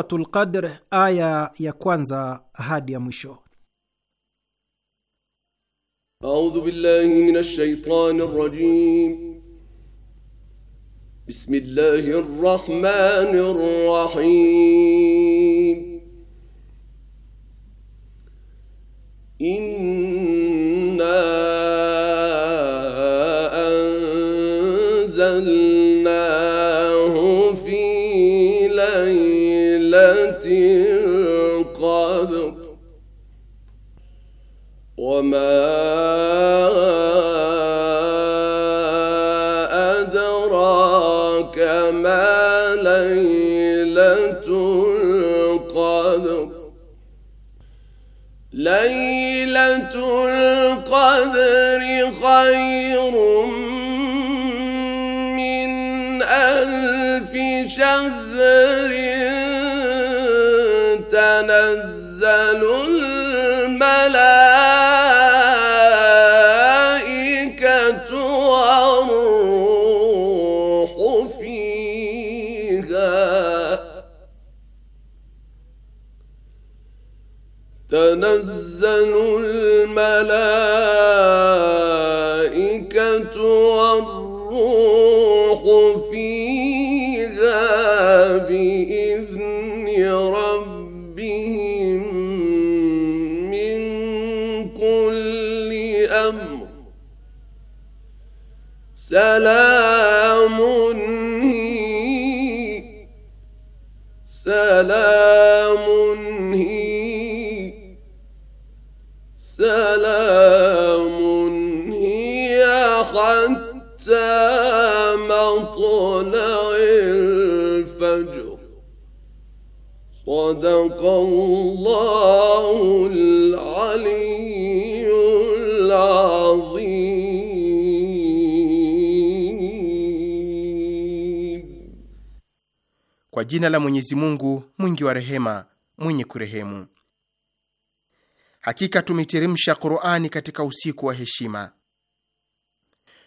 Suratul Qadr aya ya kwanza hadi ya mwisho. A'udhu billahi minash shaitani rajim. Bismillahir rahmanir rahim. Inna anzalnahu fi laylatin ليلة قبل وما الملائكة والروح فيها بإذن ربهم من كل أمر سلام سلام مطلع الفجر صدق الله العلي Kwa jina la Mwenyezi Mungu mwingi wa rehema mwenye kurehemu. Hakika tumeteremsha Qur'ani katika usiku wa heshima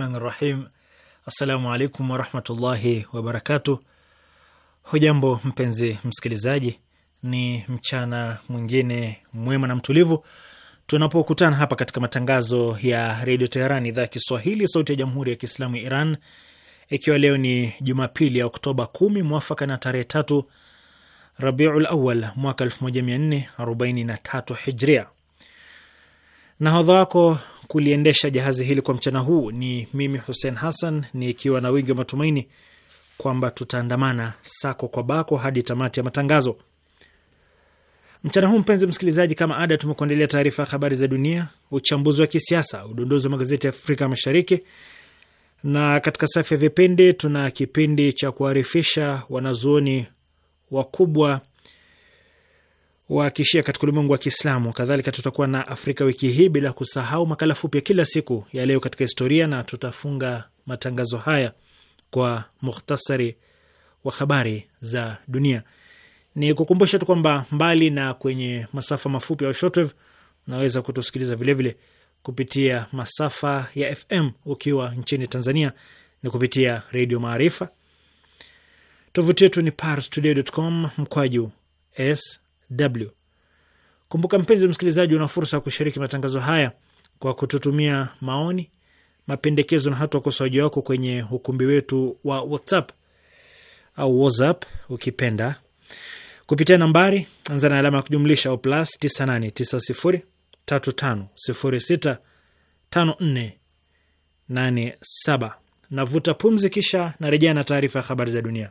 rahmani rahim. Assalamu alaikum warahmatullahi wabarakatuh. Hujambo mpenzi msikilizaji, ni mchana mwingine mwema na mtulivu tunapokutana hapa katika matangazo ya redio Teheran, idhaa ya Kiswahili, sauti ya jamhuri ya kiislamu ya Iran, ikiwa leo ni Jumapili ya Oktoba 1 mwafaka na tarehe tatu Rabiul Awal mwaka 1443 Hijria. Nahodha wako kuliendesha jahazi hili kwa mchana huu ni mimi Hussein Hassan, nikiwa na wingi wa matumaini kwamba tutaandamana sako kwa bako hadi tamati ya matangazo mchana huu. Mpenzi msikilizaji, kama ada, tumekuandalia taarifa ya habari za dunia, uchambuzi wa kisiasa, udondozi wa magazeti ya Afrika Mashariki, na katika safu ya vipindi tuna kipindi cha kuarifisha wanazuoni wakubwa wa kishia katika ulimwengu wa Kiislamu. Kadhalika tutakuwa na Afrika wiki hii, bila kusahau makala fupi ya kila siku ya leo katika historia, na tutafunga matangazo haya kwa mukhtasari wa habari za dunia. Ni kukumbusha tu kwamba mbali na kwenye masafa mafupi au shortwave, unaweza kutusikiliza vilevile kupitia masafa ya FM ukiwa nchini Tanzania ni kupitia Redio Maarifa. Tovuti yetu ni parstoday.com mkwaju s DW. Kumbuka mpenzi msikilizaji, una fursa ya kushiriki matangazo haya kwa kututumia maoni, mapendekezo na hata ukosoaji wako kwenye ukumbi wetu wa WhatsApp au WhatsApp ukipenda, kupitia nambari anza na alama ya kujumlisha au plus 989035065487. Navuta pumzi, kisha narejea na taarifa ya habari za dunia.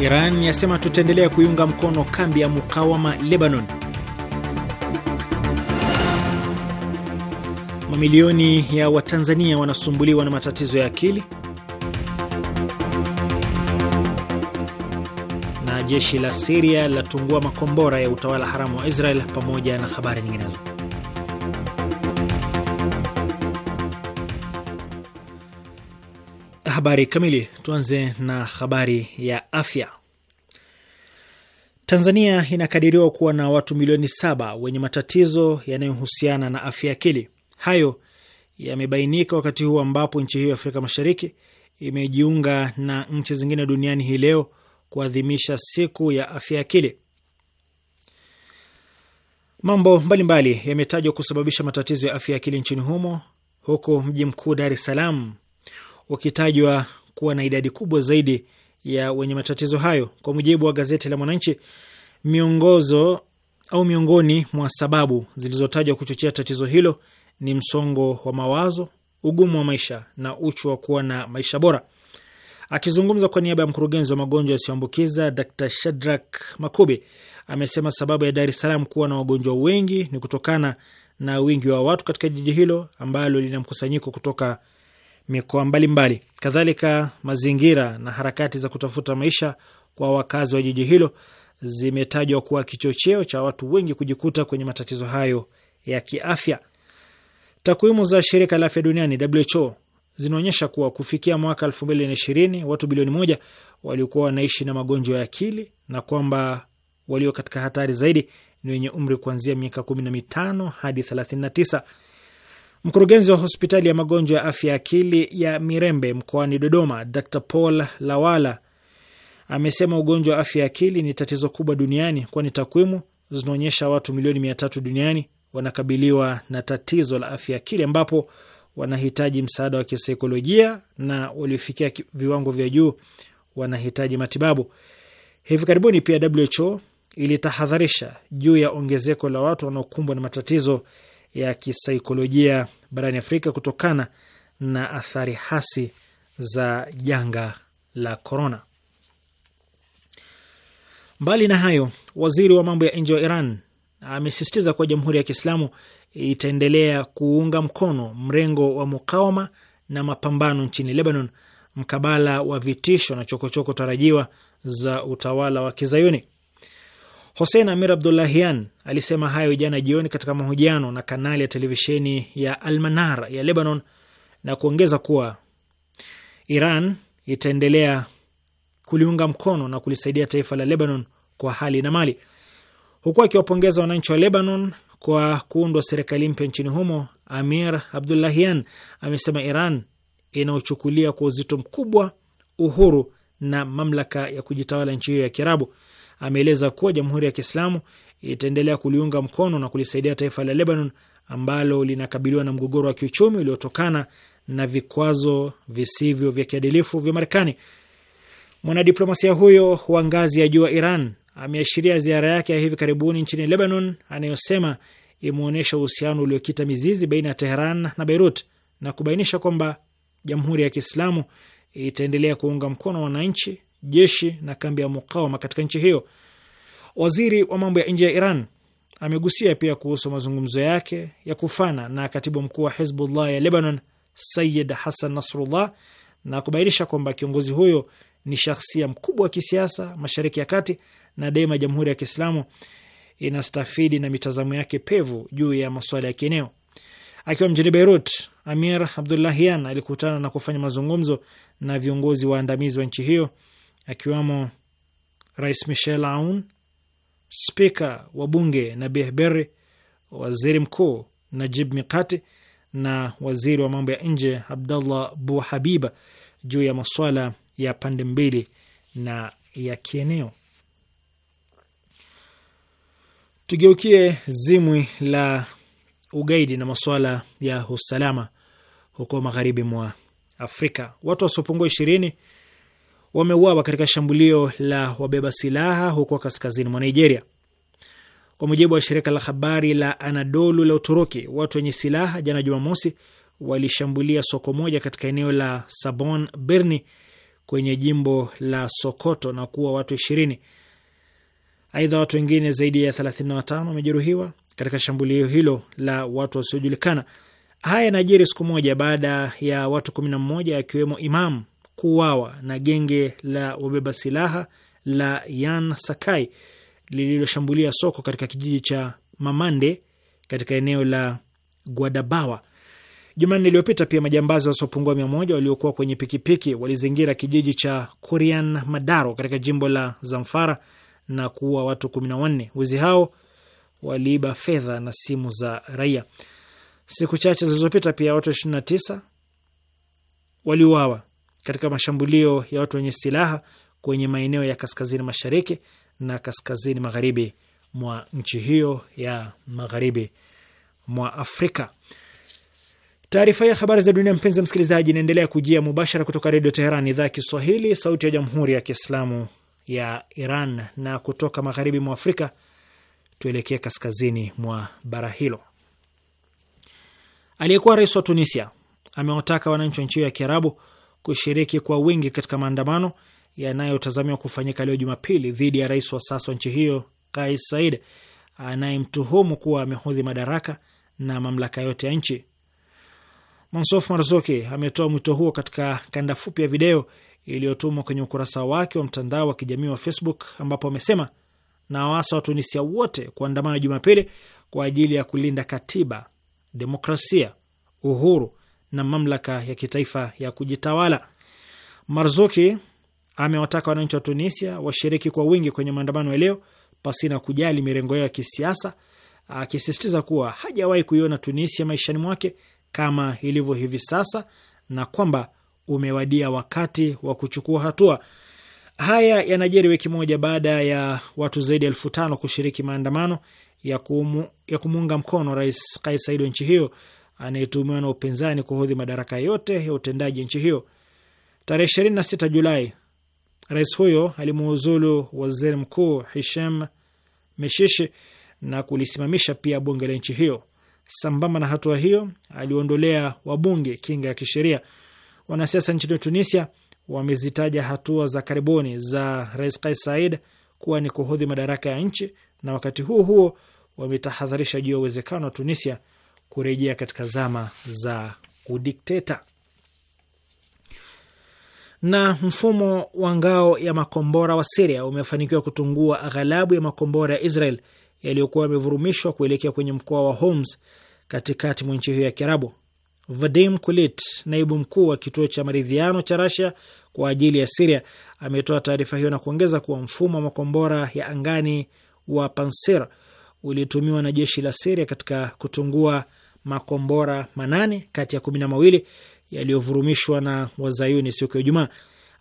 Iran yasema tutaendelea kuiunga mkono kambi ya mukawama Lebanon. Mamilioni ya Watanzania wanasumbuliwa na matatizo ya akili. Na jeshi la Siria latungua makombora ya utawala haramu wa Israel pamoja na habari nyinginezo. habari kamili. Tuanze na habari ya afya. Tanzania inakadiriwa kuwa na watu milioni saba wenye matatizo yanayohusiana na afya akili. Hayo yamebainika wakati huu ambapo nchi hiyo ya Afrika Mashariki imejiunga na nchi zingine duniani hii leo kuadhimisha siku ya afya akili. Mambo mbalimbali yametajwa kusababisha matatizo ya afya akili nchini humo, huku mji mkuu Dar es Salaam ukitajwa kuwa na idadi kubwa zaidi ya wenye matatizo hayo. Kwa mujibu wa gazeti la Mwananchi, miongozo au miongoni mwa sababu zilizotajwa kuchochea tatizo hilo ni msongo wa mawazo, ugumu wa maisha na uchu wa kuwa na maisha bora. Akizungumza kwa niaba ya mkurugenzi wa magonjwa yasiyoambukiza Dr. Shadrack Makube amesema sababu ya Dar es Salaam kuwa na wagonjwa wengi ni kutokana na wingi wa watu katika jiji hilo ambalo lina mkusanyiko kutoka mikoa mbalimbali. Kadhalika, mazingira na harakati za kutafuta maisha kwa wakazi wa jiji hilo zimetajwa kuwa kichocheo cha watu wengi kujikuta kwenye matatizo hayo ya kiafya. Takwimu za shirika la afya duniani WHO zinaonyesha kuwa kufikia mwaka 2020 watu bilioni moja waliokuwa wanaishi na magonjwa ya akili na kwamba walio katika hatari zaidi ni wenye umri kuanzia miaka 15 hadi 39. Mkurugenzi wa hospitali ya magonjwa ya afya ya akili ya Mirembe mkoani Dodoma, Dr Paul Lawala amesema ugonjwa wa afya ya akili ni tatizo kubwa duniani, kwani takwimu zinaonyesha watu milioni mia tatu duniani wanakabiliwa na tatizo la afya ya akili, ambapo wanahitaji msaada wa kisaikolojia na waliofikia viwango vya juu wanahitaji matibabu. Hivi karibuni pia WHO ilitahadharisha juu ya ongezeko la watu wanaokumbwa na matatizo ya kisaikolojia barani Afrika kutokana na athari hasi za janga la korona. Mbali na hayo, waziri wa mambo ya nje wa Iran amesisitiza kuwa Jamhuri ya Kiislamu itaendelea kuunga mkono mrengo wa mukawama na mapambano nchini Lebanon mkabala wa vitisho na chokochoko -choko tarajiwa za utawala wa Kizayuni hosen Amir Abdullahian alisema hayo jana jioni katika mahojiano na kanali ya televisheni ya Almanar ya Lebanon na kuongeza kuwa Iran itaendelea kuliunga mkono na kulisaidia taifa la Lebanon kwa hali na mali, huku akiwapongeza wananchi wa Lebanon kwa kuundwa serikali mpya nchini humo. Amir Abdullahian amesema Iran inaochukulia kwa uzito mkubwa uhuru na mamlaka ya kujitawala nchi hiyo ya Kiarabu ameeleza kuwa Jamhuri ya Kiislamu itaendelea kuliunga mkono na kulisaidia taifa la Lebanon ambalo linakabiliwa na mgogoro wa kiuchumi uliotokana na vikwazo visivyo vya kiadilifu vya Marekani. Mwanadiplomasia huyo wa ngazi ya juu wa Iran ameashiria ziara yake ya hivi karibuni nchini Lebanon anayosema imeonyesha uhusiano uliokita mizizi baina ya Teheran na Beirut na kubainisha kwamba Jamhuri ya Kiislamu itaendelea kuunga mkono wananchi jeshi na kambi ya mukawama katika nchi hiyo. Waziri wa mambo ya nje ya Iran amegusia pia kuhusu mazungumzo yake ya kufana na katibu mkuu wa Hizbullah ya Lebanon Sayid Hassan Nasrullah na kubainisha kwamba kiongozi huyo ni shahsia mkubwa wa kisiasa Mashariki ya Kati na daima Jamhuri ya Kiislamu inastafidi na mitazamo yake pevu juu ya masuala ya kieneo. Akiwa mjini Beirut, Amir Abdullahian alikutana na kufanya mazungumzo na viongozi waandamizi wa nchi hiyo akiwemo Rais Michel Aoun, spika wa bunge Nabih Berri, waziri mkuu Najib Mikati na waziri wa mambo ya nje Abdallah Bu Habiba juu ya masuala ya pande mbili na ya kieneo. Tugeukie zimwi la ugaidi na masuala ya usalama huko magharibi mwa Afrika. Watu wasiopungua ishirini wameuawa katika shambulio la wabeba silaha huko kaskazini mwa Nigeria. Kwa mujibu wa shirika la habari la Anadolu la Uturuki, watu wenye silaha jana Jumamosi walishambulia soko moja katika eneo la Sabon Birni kwenye jimbo la Sokoto na kuua watu ishirini. Aidha, watu wengine zaidi ya watano wamejeruhiwa katika shambulio hilo la watu wasiojulikana. Haya yanajiri siku moja baada ya watu mmoja akiwemo imamu kuuawa na genge la wabeba silaha la Yan Sakai lililoshambulia soko katika kijiji cha Mamande katika eneo la Gwadabawa Jumanne iliyopita. Pia majambazi wasiopungua mia moja waliokuwa kwenye pikipiki walizingira kijiji cha Kurian Madaro katika jimbo la Zamfara na kuua watu kumi na wanne. Wezi hao waliiba fedha na simu za raia. Siku chache zilizopita pia watu 29 waliuawa katika mashambulio ya watu wenye silaha kwenye maeneo ya kaskazini mashariki na kaskazini magharibi mwa nchi hiyo ya magharibi mwa Afrika. Taarifa ya habari za dunia, mpenzi msikilizaji, inaendelea kujia mubashara kutoka Redio Teheran, idhaa ya Kiswahili, sauti ya jamhuri ya kiislamu ya Iran. Na kutoka magharibi mwa Afrika tuelekee kaskazini mwa bara hilo. Aliyekuwa rais wa Tunisia amewataka wananchi wa nchi hiyo ya kiarabu kushiriki kwa wingi katika maandamano yanayotazamiwa kufanyika leo Jumapili dhidi ya rais wa sasa wa nchi hiyo Kais Said anayemtuhumu kuwa amehudhi madaraka na mamlaka yote ya nchi. Mansof Marzuki ametoa mwito huo katika kanda fupi ya video iliyotumwa kwenye ukurasa wake wa mtandao wa kijamii wa Facebook ambapo amesema na waasa Watunisia wote kuandamana Jumapili kwa ajili ya kulinda katiba, demokrasia, uhuru na mamlaka ya kitaifa ya kujitawala. Marzuki amewataka wananchi wa Tunisia washiriki kwa wingi kwenye maandamano ya leo pasina kujali mirengo yao ya kisiasa, akisisitiza kuwa hajawahi kuiona Tunisia maishani mwake kama ilivyo hivi sasa na kwamba umewadia wakati wa kuchukua hatua. Haya yanajiri wiki moja baada ya watu zaidi ya elfu tano kushiriki maandamano ya, kumu, ya kumuunga mkono Rais Kais Saied wa nchi hiyo anayetumiwa na upinzani kuhodhi madaraka yote ya utendaji nchi hiyo. Tarehe 26 Julai, rais huyo alimuuzulu waziri mkuu Hisham Meshishi na kulisimamisha pia bunge la nchi hiyo. Sambamba na hatua hiyo, aliondolea wabunge kinga ya kisheria. Wanasiasa nchini Tunisia wamezitaja hatua za karibuni za rais Kais Saied kuwa ni kuhodhi madaraka ya nchi, na wakati huo huo wametahadharisha juu ya uwezekano wa Tunisia kurejea katika zama za udikteta. Na mfumo wa ngao ya makombora wa Siria umefanikiwa kutungua aghalabu ya makombora ya Israel yaliyokuwa yamevurumishwa kuelekea kwenye mkoa wa Homs katikati mwa nchi hiyo ya Kiarabu. Vadim Kulit, naibu mkuu wa kituo cha maridhiano cha Rasia kwa ajili ya Siria, ametoa taarifa hiyo na kuongeza kuwa mfumo wa makombora ya angani wa Pansir uliotumiwa na jeshi la Siria katika kutungua makombora manane kati ya kumi na mawili yaliyovurumishwa na wazayuni siku ya Ijumaa.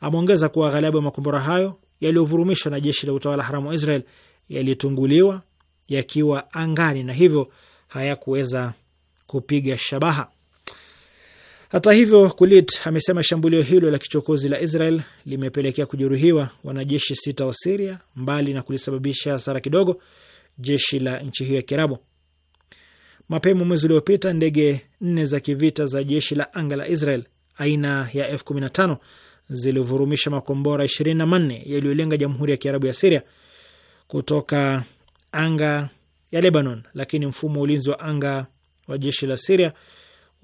Ameongeza kuwa ghalabu ya makombora hayo yaliyovurumishwa na jeshi la utawala haramu wa Israel yalitunguliwa yakiwa angani na hivyo hayakuweza kupiga shabaha. Hata hivyo, Kulit amesema shambulio hilo la kichokozi la Israel limepelekea kujeruhiwa wanajeshi sita wa Siria, mbali na kulisababisha hasara kidogo jeshi la nchi hiyo ya Kiarabu. Mapema mwezi uliopita, ndege nne za kivita za jeshi la anga la Israel aina ya F15 zilivurumisha makombora 24 yaliyolenga jamhuri ya Kiarabu ya Siria kutoka anga ya Lebanon, lakini mfumo wa ulinzi wa anga wa jeshi la Siria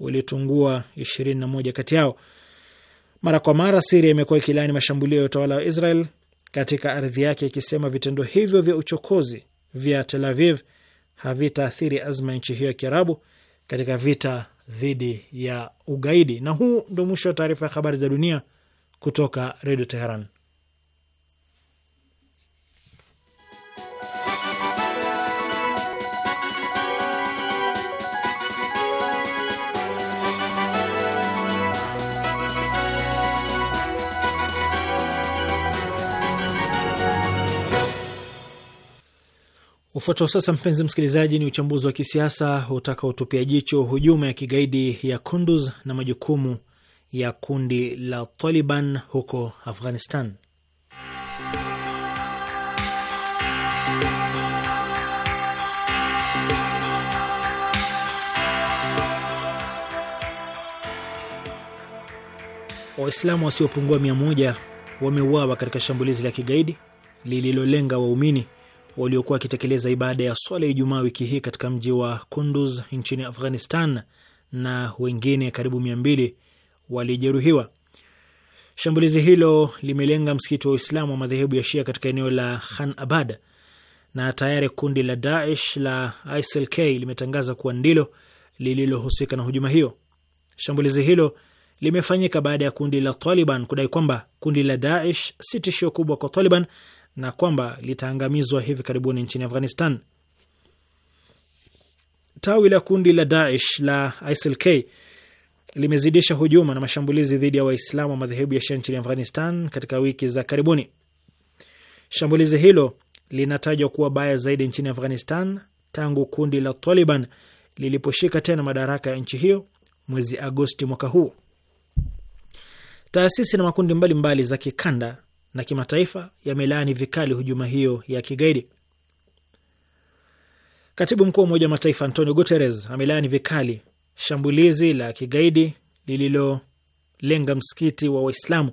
ulitungua 21 kati yao. Mara kwa mara Siria imekuwa ikilaani mashambulio ya utawala wa Israel katika ardhi yake, ikisema vitendo hivyo vya uchokozi vya Tel Aviv havitaathiri azma ya nchi hiyo ya Kiarabu katika vita dhidi ya ugaidi. Na huu ndio mwisho wa taarifa ya habari za dunia kutoka Redio Teheran. Ufuatao sasa, mpenzi msikilizaji, ni uchambuzi wa kisiasa utakaotupia jicho hujuma ya kigaidi ya Kunduz na majukumu ya kundi la Taliban huko Afghanistan. Waislamu wasiopungua mia moja wameuawa katika shambulizi la kigaidi lililolenga waumini waliokuwa wakitekeleza ibada ya swala ya Ijumaa wiki hii katika mji wa Kunduz nchini Afghanistan na wengine karibu mia mbili walijeruhiwa. Shambulizi hilo limelenga msikiti wa Waislamu wa madhehebu ya Shia katika eneo la Khan Abad, na tayari kundi la Daesh la ISLK limetangaza kuwa ndilo lililohusika na hujuma hiyo. Shambulizi hilo limefanyika baada ya kundi la Taliban kudai kwamba kundi la Daesh si tishio kubwa kwa Taliban na kwamba litaangamizwa hivi karibuni nchini Afghanistan. Tawi la kundi la Daesh la islk limezidisha hujuma na mashambulizi dhidi ya Waislamu wa madhehebu ya Shia nchini Afghanistan katika wiki za karibuni. Shambulizi hilo linatajwa kuwa baya zaidi nchini Afghanistan tangu kundi la Taliban liliposhika tena madaraka ya nchi hiyo mwezi Agosti mwaka huu. Taasisi na makundi mbalimbali mbali za kikanda na kimataifa yamelaani vikali hujuma hiyo ya kigaidi. Katibu mkuu wa Umoja wa Mataifa Antonio Guterres amelaani vikali shambulizi la kigaidi lililolenga msikiti wa Waislamu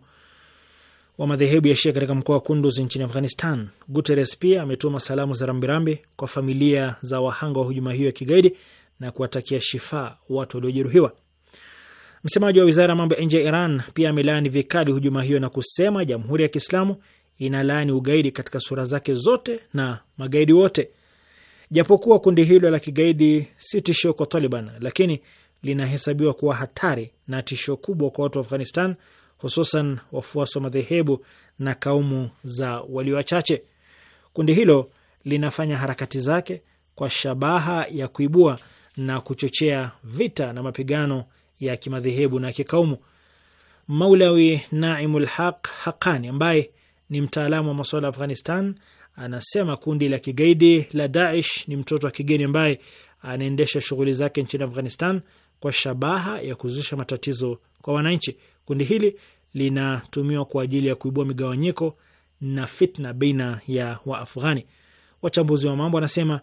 wa madhehebu ya Shia katika mkoa wa Kunduz nchini Afghanistan. Guterres pia ametuma salamu za rambirambi kwa familia za wahanga wa hujuma hiyo ya kigaidi na kuwatakia shifaa watu waliojeruhiwa. Msemaji wa wizara ya mambo ya nje ya Iran pia amelaani vikali hujuma hiyo na kusema jamhuri ya Kiislamu inalaani ugaidi katika sura zake zote na magaidi wote. Japokuwa kundi hilo la kigaidi si tishio kwa Taliban, lakini linahesabiwa kuwa hatari na tishio kubwa kwa watu wa Afghanistan, hususan wafuasi wa madhehebu na kaumu za walio wachache. Kundi hilo linafanya harakati zake kwa shabaha ya kuibua na kuchochea vita na mapigano ya kimadhehebu na kikaumu. Maulawi Naimul Haq Haqani ambaye ni mtaalamu wa masuala ya Afghanistan anasema kundi la kigaidi la Daesh ni mtoto wa kigeni ambaye anaendesha shughuli zake nchini Afghanistan kwa shabaha ya kuzusha matatizo kwa wananchi. Kundi hili linatumiwa kwa ajili ya kuibua migawanyiko na fitna baina ya Waafghani. Wachambuzi wa mambo wanasema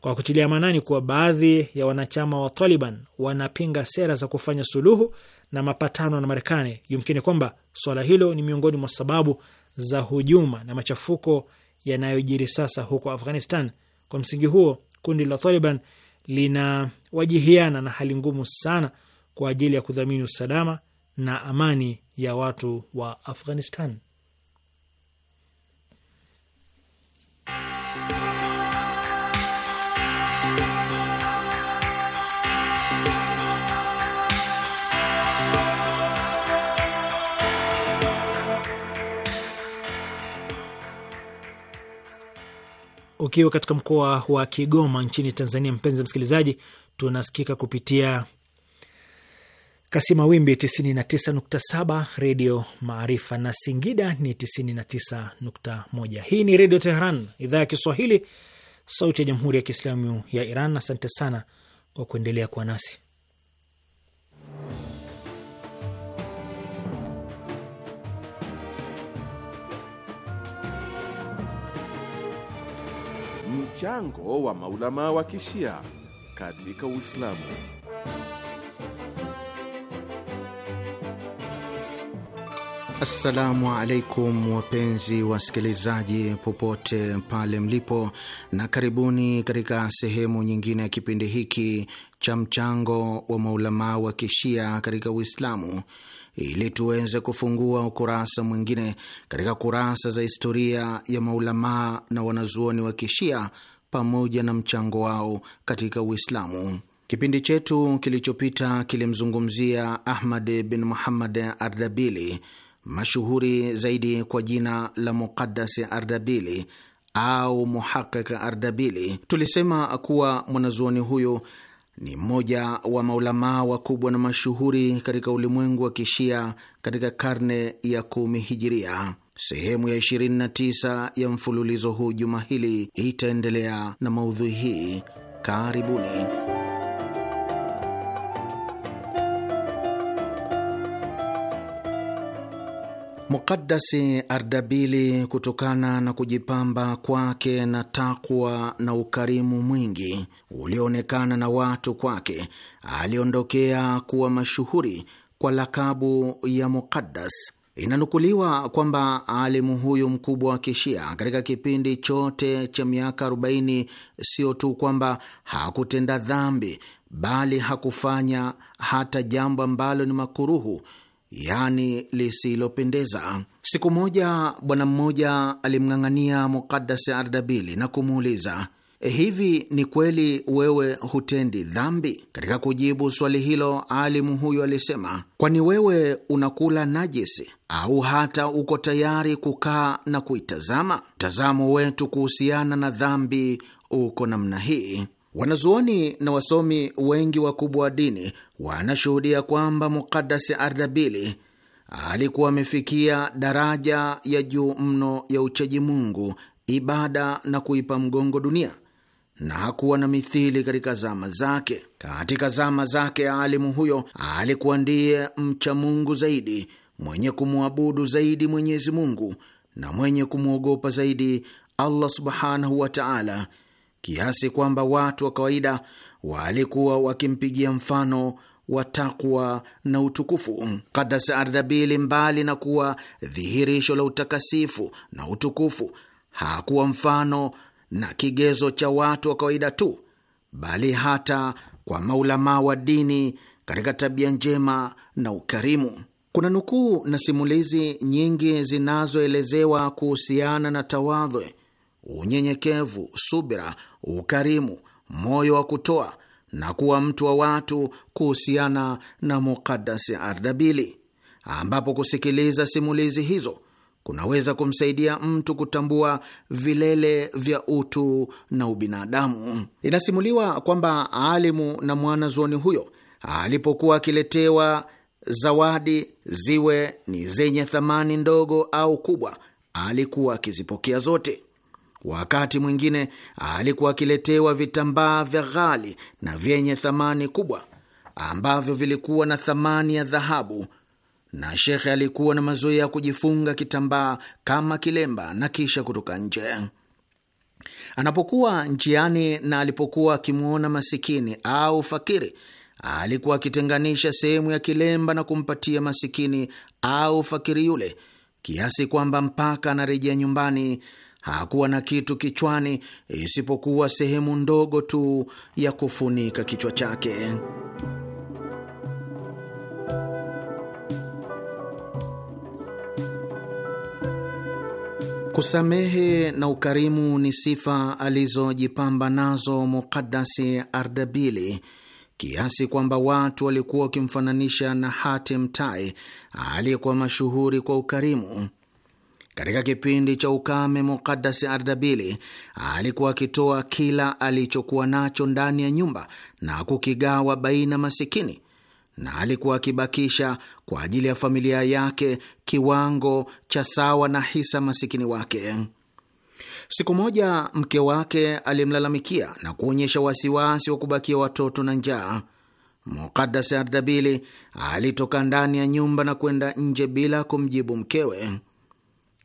kwa kutilia maanani kuwa baadhi ya wanachama wa Taliban wanapinga sera za kufanya suluhu na mapatano na Marekani, yumkini kwamba swala hilo ni miongoni mwa sababu za hujuma na machafuko yanayojiri sasa huko Afghanistan. Kwa msingi huo, kundi la Taliban linawajihiana na hali ngumu sana kwa ajili ya kudhamini usalama na amani ya watu wa Afghanistan. Ukiwa katika mkoa wa Kigoma nchini Tanzania, mpenzi msikilizaji, tunasikika kupitia kasima wimbi 99.7 Redio Maarifa na Singida ni 99.1. Hii ni Redio Teheran, idhaa ya Kiswahili, sauti ya Jamhuri ya Kiislamu ya Iran. Asante sana kwa kuendelea kuwa nasi. mchango wa maulama wa kishia katika Uislamu. Assalamu alaikum wapenzi wasikilizaji, popote pale mlipo, na karibuni katika sehemu nyingine ya kipindi hiki cha mchango wa maulamaa wa kishia katika Uislamu ili tuweze kufungua ukurasa mwingine katika kurasa za historia ya maulamaa na wanazuoni wa kishia pamoja na mchango wao katika Uislamu. Kipindi chetu kilichopita kilimzungumzia Ahmad bin Muhammad Ardabili, mashuhuri zaidi kwa jina la Muqaddas Ardabili au Muhaqiq Ardabili. Tulisema kuwa mwanazuoni huyu ni mmoja wa maulamaa wakubwa na mashuhuri katika ulimwengu wa Kishia katika karne ya kumi hijiria. Sehemu ya 29 ya mfululizo huu juma hili itaendelea na maudhui hii. Karibuni. Mukaddasi Ardabili, kutokana na kujipamba kwake na takwa na ukarimu mwingi ulioonekana na watu kwake, aliondokea kuwa mashuhuri kwa lakabu ya Mukaddas. Inanukuliwa kwamba alimu huyu mkubwa wa Kishia katika kipindi chote cha miaka 40 sio tu kwamba hakutenda dhambi, bali hakufanya hata jambo ambalo ni makuruhu yani lisilopendeza. Siku moja bwana mmoja alimng'ang'ania Mukaddas Ardabili na kumuuliza eh, Hivi ni kweli wewe hutendi dhambi? Katika kujibu swali hilo, alimu huyu alisema, kwani wewe unakula najisi au hata uko tayari kukaa na kuitazama? Mtazamo wetu kuhusiana na dhambi uko namna hii. Wanazuoni na wasomi wengi wakubwa wa dini wanashuhudia kwamba Mukadasi Ardabili alikuwa amefikia daraja ya juu mno ya uchaji Mungu, ibada na kuipa mgongo dunia na hakuwa na mithili katika zama zake. Katika zama zake, alimu huyo alikuwa ndiye mcha Mungu zaidi, mwenye kumwabudu zaidi Mwenyezi Mungu na mwenye kumwogopa zaidi Allah subhanahu wa taala kiasi kwamba watu wa kawaida walikuwa wakimpigia mfano wa takwa na utukufu. Kadas Ardabili, mbali na kuwa dhihirisho la utakasifu na utukufu, hakuwa mfano na kigezo cha watu wa kawaida tu, bali hata kwa maulamaa wa dini katika tabia njema na ukarimu. Kuna nukuu na simulizi nyingi zinazoelezewa kuhusiana na tawadhwe, unyenyekevu, subira ukarimu, moyo wa kutoa na kuwa mtu wa watu kuhusiana na Mukadasi Ardabili, ambapo kusikiliza simulizi hizo kunaweza kumsaidia mtu kutambua vilele vya utu na ubinadamu. Inasimuliwa kwamba alimu na mwanazuoni huyo alipokuwa akiletewa zawadi, ziwe ni zenye thamani ndogo au kubwa, alikuwa akizipokea zote. Wakati mwingine alikuwa akiletewa vitambaa vya ghali na vyenye thamani kubwa ambavyo vilikuwa na thamani ya dhahabu, na shekhe alikuwa na mazoea ya kujifunga kitambaa kama kilemba na kisha kutoka nje. Anapokuwa njiani na alipokuwa akimwona masikini au fakiri, alikuwa akitenganisha sehemu ya kilemba na kumpatia masikini au fakiri yule, kiasi kwamba mpaka anarejea nyumbani hakuwa na kitu kichwani isipokuwa sehemu ndogo tu ya kufunika kichwa chake. Kusamehe na ukarimu ni sifa alizojipamba nazo mukadasi Ardabili kiasi kwamba watu walikuwa wakimfananisha na Hatem Tai aliyekuwa mashuhuri kwa ukarimu. Katika kipindi cha ukame, Mukadasi Ardabili alikuwa akitoa kila alichokuwa nacho ndani ya nyumba na kukigawa baina masikini, na alikuwa akibakisha kwa ajili ya familia yake kiwango cha sawa na hisa masikini wake. Siku moja mke wake alimlalamikia na kuonyesha wasiwasi wa kubakia watoto na njaa. Mukadasi Ardabili alitoka ndani ya nyumba na kwenda nje bila kumjibu mkewe.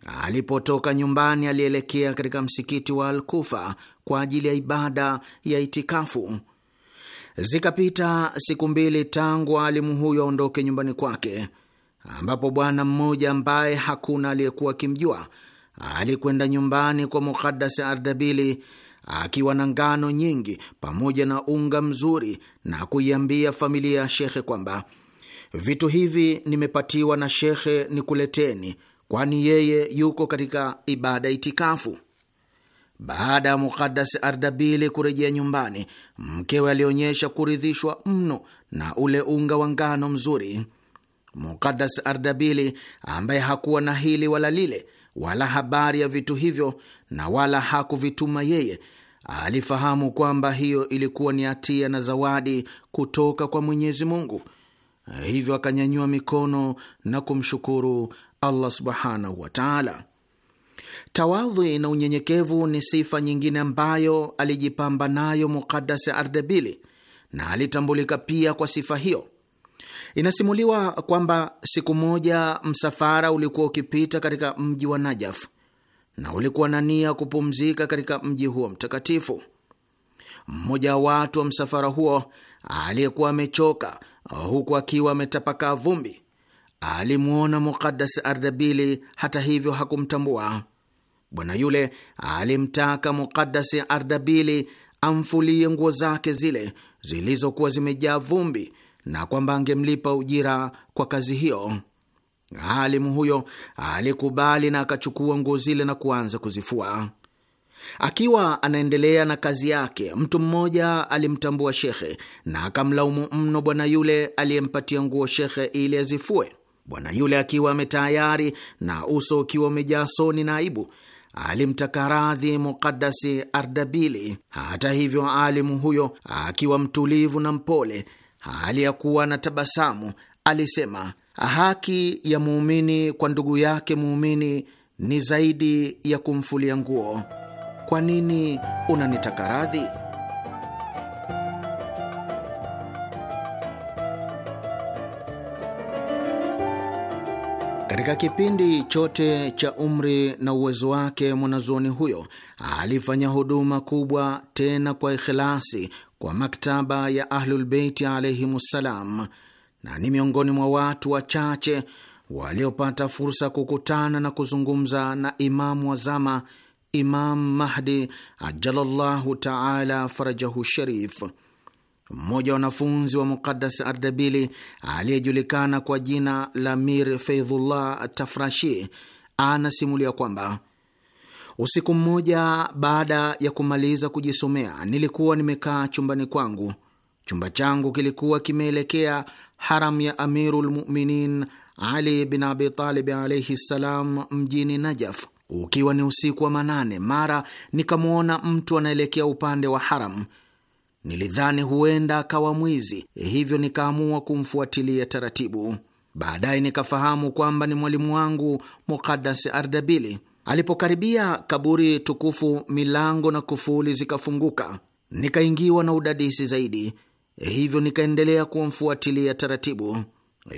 Alipotoka nyumbani, alielekea katika msikiti wa Alkufa kwa ajili ya ibada ya itikafu. Zikapita siku mbili tangu alimu huyo aondoke nyumbani kwake, ambapo bwana mmoja ambaye hakuna aliyekuwa akimjua alikwenda nyumbani kwa Mukadasi Ardabili akiwa na ngano nyingi pamoja na unga mzuri na kuiambia familia ya shekhe kwamba vitu hivi nimepatiwa na shekhe, nikuleteni kwani yeye yuko katika ibada itikafu. Baada ya Mukadas Ardabili kurejea nyumbani, mkewe alionyesha kuridhishwa mno na ule unga wa ngano mzuri. Mukadas Ardabili ambaye hakuwa na hili wala lile wala habari ya vitu hivyo na wala hakuvituma yeye, alifahamu kwamba hiyo ilikuwa ni hatia na zawadi kutoka kwa Mwenyezi Mungu. Hivyo akanyanyua mikono na kumshukuru Allah subhanahu wa taala. Tawadhi na unyenyekevu ni sifa nyingine ambayo alijipamba nayo Mukadasi Ardebili na alitambulika pia kwa sifa hiyo. Inasimuliwa kwamba siku moja msafara ulikuwa ukipita katika mji wa Najaf na ulikuwa na nia kupumzika katika mji huo mtakatifu. Mmoja wa watu wa msafara huo aliyekuwa amechoka huku akiwa ametapakaa vumbi alimwona Muqaddas Ardabili, hata hivyo hakumtambua. Bwana yule alimtaka mukadasi Ardabili amfulie nguo zake zile zilizokuwa zimejaa vumbi na kwamba angemlipa ujira kwa kazi hiyo. Alimu huyo alikubali na akachukua nguo zile na kuanza kuzifua. Akiwa anaendelea na kazi yake, mtu mmoja alimtambua shekhe na akamlaumu mno bwana yule aliyempatia nguo shekhe ili azifue. Bwana yule akiwa ametayari na uso ukiwa umejaa soni na aibu, alimtaka radhi Mukadasi Ardabili. Hata hivyo, alimu huyo akiwa mtulivu na mpole, hali ya kuwa na tabasamu, alisema haki ya muumini kwa ndugu yake muumini ni zaidi ya kumfulia nguo. Kwa nini unanitaka radhi? Katika kipindi chote cha umri na uwezo wake, mwanazuoni huyo alifanya huduma kubwa tena kwa ikhilasi kwa maktaba ya Ahlulbeiti alaihimussalam, na ni miongoni mwa watu wachache waliopata fursa kukutana na kuzungumza na imamu wa zama, Imam Mahdi ajalallahu taala farajahu sharif. Mmoja wa wanafunzi wa Muqaddas Ardabili aliyejulikana kwa jina la Mir Feidhullah Tafrashi anasimulia kwamba usiku mmoja baada ya kumaliza kujisomea, nilikuwa nimekaa chumbani kwangu. Chumba changu kilikuwa kimeelekea haram ya Amiru lmuminin Ali bin Abitalib alaihi ssalam mjini Najaf. Ukiwa ni usiku wa manane, mara nikamwona mtu anaelekea upande wa haram. Nilidhani huenda akawa mwizi, hivyo nikaamua kumfuatilia taratibu. Baadaye nikafahamu kwamba ni mwalimu wangu Mukadas Ardabili. Alipokaribia kaburi tukufu, milango na kufuli zikafunguka, nikaingiwa na udadisi zaidi, hivyo nikaendelea kumfuatilia taratibu.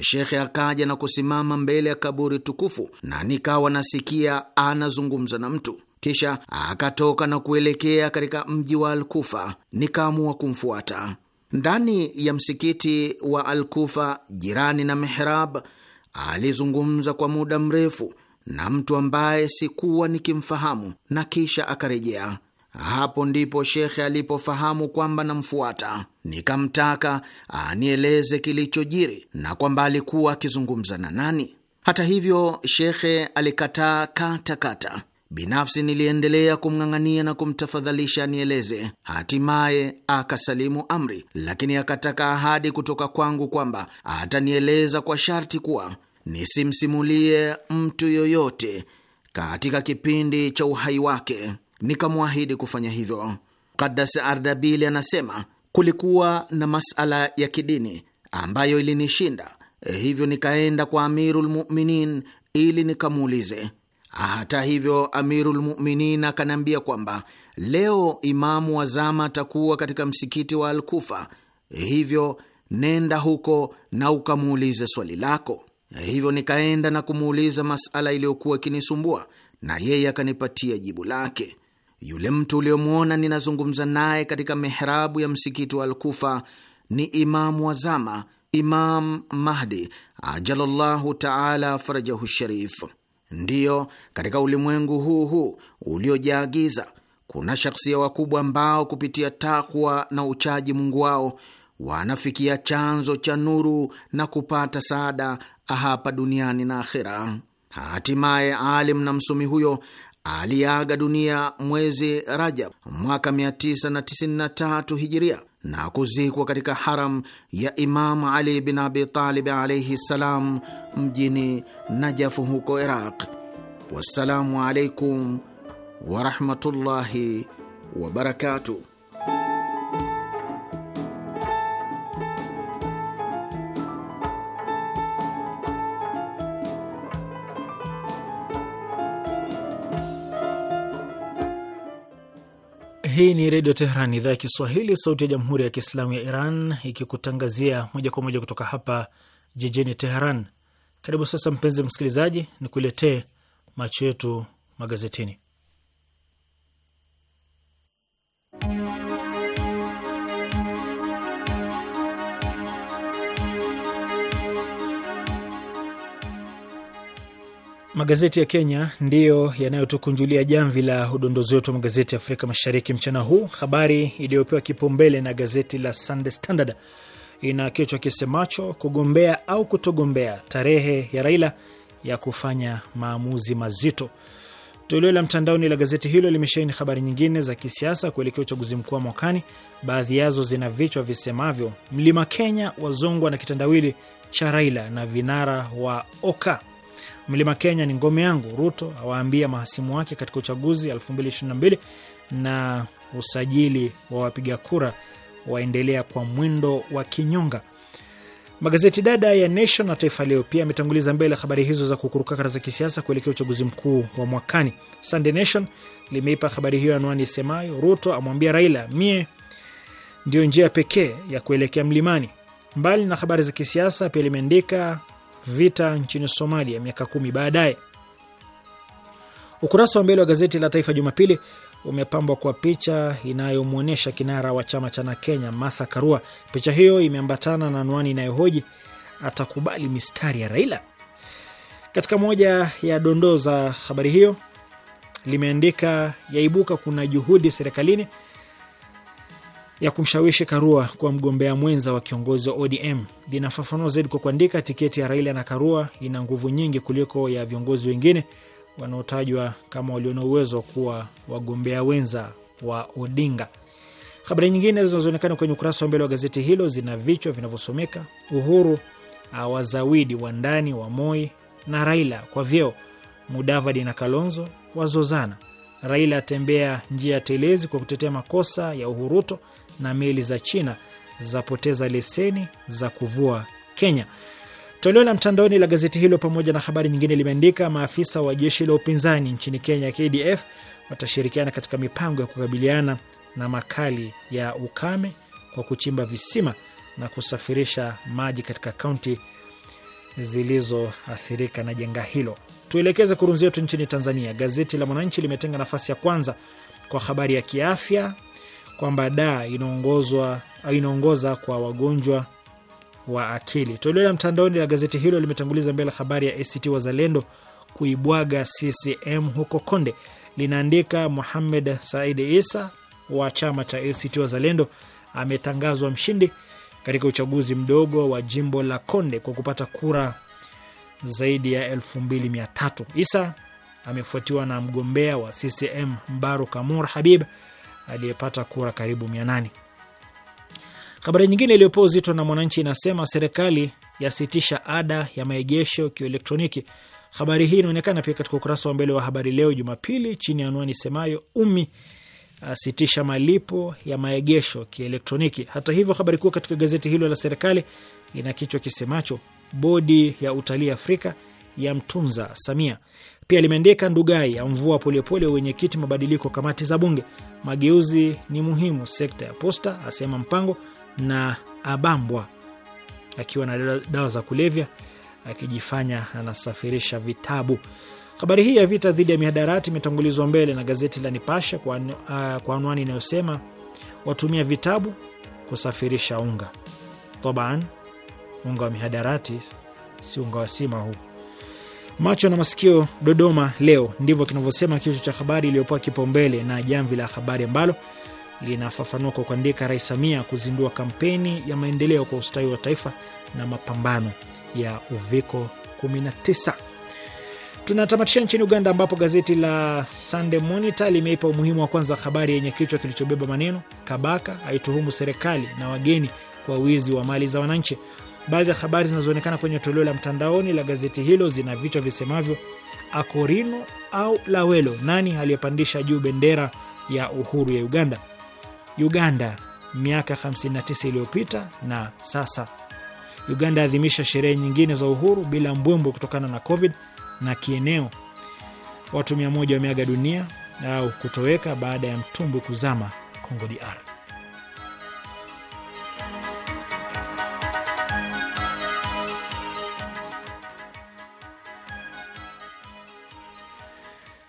Shekhe akaja na kusimama mbele ya kaburi tukufu, na nikawa nasikia anazungumza na mtu kisha akatoka na kuelekea katika mji wa Alkufa. Nikaamua kumfuata ndani ya msikiti wa Alkufa, jirani na mihrab. Alizungumza kwa muda mrefu na mtu ambaye sikuwa nikimfahamu, na kisha akarejea. Hapo ndipo shekhe alipofahamu kwamba namfuata. Nikamtaka anieleze kilichojiri na kwamba alikuwa akizungumza na nani. Hata hivyo, shekhe alikataa kata katakata. Binafsi niliendelea kumng'ang'ania na kumtafadhalisha anieleze. Hatimaye akasalimu amri, lakini akataka ahadi kutoka kwangu kwamba atanieleza kwa sharti kuwa nisimsimulie mtu yoyote katika kipindi cha uhai wake. Nikamwahidi kufanya hivyo. Kadas Ardabili anasema kulikuwa na masala ya kidini ambayo ilinishinda, hivyo nikaenda kwa Amirulmuminin ili nikamuulize hata hivyo, Amirul Muminin akaniambia kwamba leo imamu wa zama atakuwa katika msikiti wa Alkufa, hivyo nenda huko na ukamuulize swali lako. Hivyo nikaenda na kumuuliza masala iliyokuwa ikinisumbua, na yeye akanipatia jibu lake. Yule mtu uliyomwona ninazungumza naye katika mihrabu ya msikiti wa Alkufa ni imamu wa zama, Imam Mahdi ajalallahu taala farajahu sharif. Ndiyo, katika ulimwengu huu huu uliojaa giza kuna shakhsia wakubwa ambao kupitia takwa na uchaji Mungu wao wanafikia chanzo cha nuru na kupata saada hapa duniani na akhera. Hatimaye alim na msomi huyo aliyeaga dunia mwezi Rajab mwaka 993 hijiria na kuzikwa katika haram ya Imamu Ali bin Abi Talib alaihi ssalam mjini Najafu huko Iraq. Wassalamu alaikum warahmatullahi wabarakatuh. Hii ni Redio teheran idhaa ya Kiswahili, sauti ya Jamhuri ya Kiislamu ya Iran, ikikutangazia moja kwa moja kutoka hapa jijini Teheran. Karibu sasa, mpenzi msikilizaji, ni kuletee macho yetu magazetini. Magazeti ya Kenya ndiyo yanayotukunjulia jamvi la udondozi wetu wa magazeti ya Afrika Mashariki mchana huu. Habari iliyopewa kipaumbele na gazeti la Sunday Standard ina kichwa kisemacho kugombea au kutogombea, tarehe ya Raila ya kufanya maamuzi mazito. Toleo la mtandaoni la gazeti hilo limesheheni habari nyingine za kisiasa kuelekea uchaguzi mkuu wa mwakani. Baadhi yazo zina vichwa visemavyo: mlima Kenya wazongwa na kitandawili cha Raila na vinara wa Oka Mlima Kenya ni ngome yangu, Ruto awaambia mahasimu wake katika uchaguzi 2022 na usajili wa wapiga kura waendelea kwa mwendo wa kinyonga. Magazeti dada ya Nation na Taifa Leo pia ametanguliza mbele habari hizo za kukurukakara za kisiasa kuelekea uchaguzi mkuu wa mwakani. Sunday Nation limeipa habari hiyo anwani isemayo, Ruto amwambia Raila, mie ndiyo njia pekee ya kuelekea mlimani. Mbali na habari za kisiasa, pia limeandika vita nchini Somalia miaka kumi baadaye. Ukurasa wa mbele wa gazeti la Taifa Jumapili umepambwa kwa picha inayomwonyesha kinara wa chama cha Kenya Martha Karua. Picha hiyo imeambatana na anwani inayohoji atakubali mistari ya Raila. Katika moja ya dondoo za habari hiyo limeandika yaibuka kuna juhudi serikalini ya kumshawishi Karua kwa mgombea mwenza wa kiongozi wa ODM. Linafafanua zaidi kwa kuandika, tiketi ya Raila na Karua ina nguvu nyingi kuliko ya viongozi wengine wanaotajwa kama waliona uwezo kuwa wagombea wenza wa Odinga. Habari nyingine zinazoonekana kwenye ukurasa wa mbele wa gazeti hilo zina vichwa vinavyosomeka Uhuru awazawidi wa ndani wa Moi na Raila kwa vyeo, Mudavadi na Kalonzo wazozana, Raila atembea njia ya telezi kwa kutetea makosa ya Uhuruto na meli za China zapoteza leseni za kuvua Kenya. Toleo la mtandaoni la gazeti hilo pamoja na habari nyingine limeandika maafisa wa jeshi la upinzani nchini Kenya KDF watashirikiana katika mipango ya kukabiliana na makali ya ukame kwa kuchimba visima na kusafirisha maji katika kaunti zilizoathirika na janga hilo. Tuelekeze kurunzi yetu nchini Tanzania. Gazeti la Mwananchi limetenga nafasi ya kwanza kwa habari ya kiafya kwamba da inaongozwa inaongoza kwa wagonjwa wa akili. Toleo la mtandaoni la gazeti hilo limetanguliza mbele habari ya ACT Wazalendo kuibwaga CCM huko Konde. Linaandika Muhamed Said Isa wa chama cha ACT Wazalendo ametangazwa mshindi katika uchaguzi mdogo wa jimbo la Konde kwa kupata kura zaidi ya elfu mbili mia tatu. Isa amefuatiwa na mgombea wa CCM Mbaru Kamur Habib aliyepata kura karibu 800. Habari nyingine iliyopewa uzito na Mwananchi inasema serikali yasitisha ada ya maegesho kielektroniki. Habari hii inaonekana pia katika ukurasa wa mbele wa Habari Leo Jumapili chini ya anwani semayo Umi asitisha malipo ya maegesho kielektroniki. Hata hivyo, habari kuu katika gazeti hilo la serikali ina kichwa kisemacho bodi ya utalii Afrika yamtunza Samia. Pia limeandika Ndugai amvua Polepole wenyekiti mabadiliko kamati za bunge, mageuzi ni muhimu sekta ya posta, asema Mpango na abambwa akiwa na dawa za kulevya akijifanya anasafirisha vitabu. Habari hii ya vita dhidi ya mihadarati imetangulizwa mbele na gazeti la Nipashe kwa, uh, kwa anwani inayosema watumia vitabu kusafirisha unga. toban, unga wa mihadarati si unga wa sima huu. Macho na masikio Dodoma leo, ndivyo kinavyosema kichwa cha habari iliyopewa kipaumbele na Jamvi la Habari, ambalo linafafanua kwa kuandika Rais Samia kuzindua kampeni ya maendeleo kwa ustawi wa taifa na mapambano ya Uviko 19. Tunatamatisha nchini Uganda, ambapo gazeti la Sunday Monitor limeipa umuhimu wa kwanza habari yenye kichwa kilichobeba maneno Kabaka aituhumu serikali na wageni kwa wizi wa mali za wananchi. Baadhi ya habari zinazoonekana kwenye toleo la mtandaoni la gazeti hilo zina vichwa visemavyo: Akorino au Lawelo, nani aliyepandisha juu bendera ya uhuru ya Uganda? Uganda miaka 59 iliyopita na sasa. Uganda yaadhimisha sherehe nyingine za uhuru bila mbwembwe kutokana na Covid na kieneo. Watu 1 wameaga dunia au kutoweka baada ya mtumbwi kuzama Kongo DR.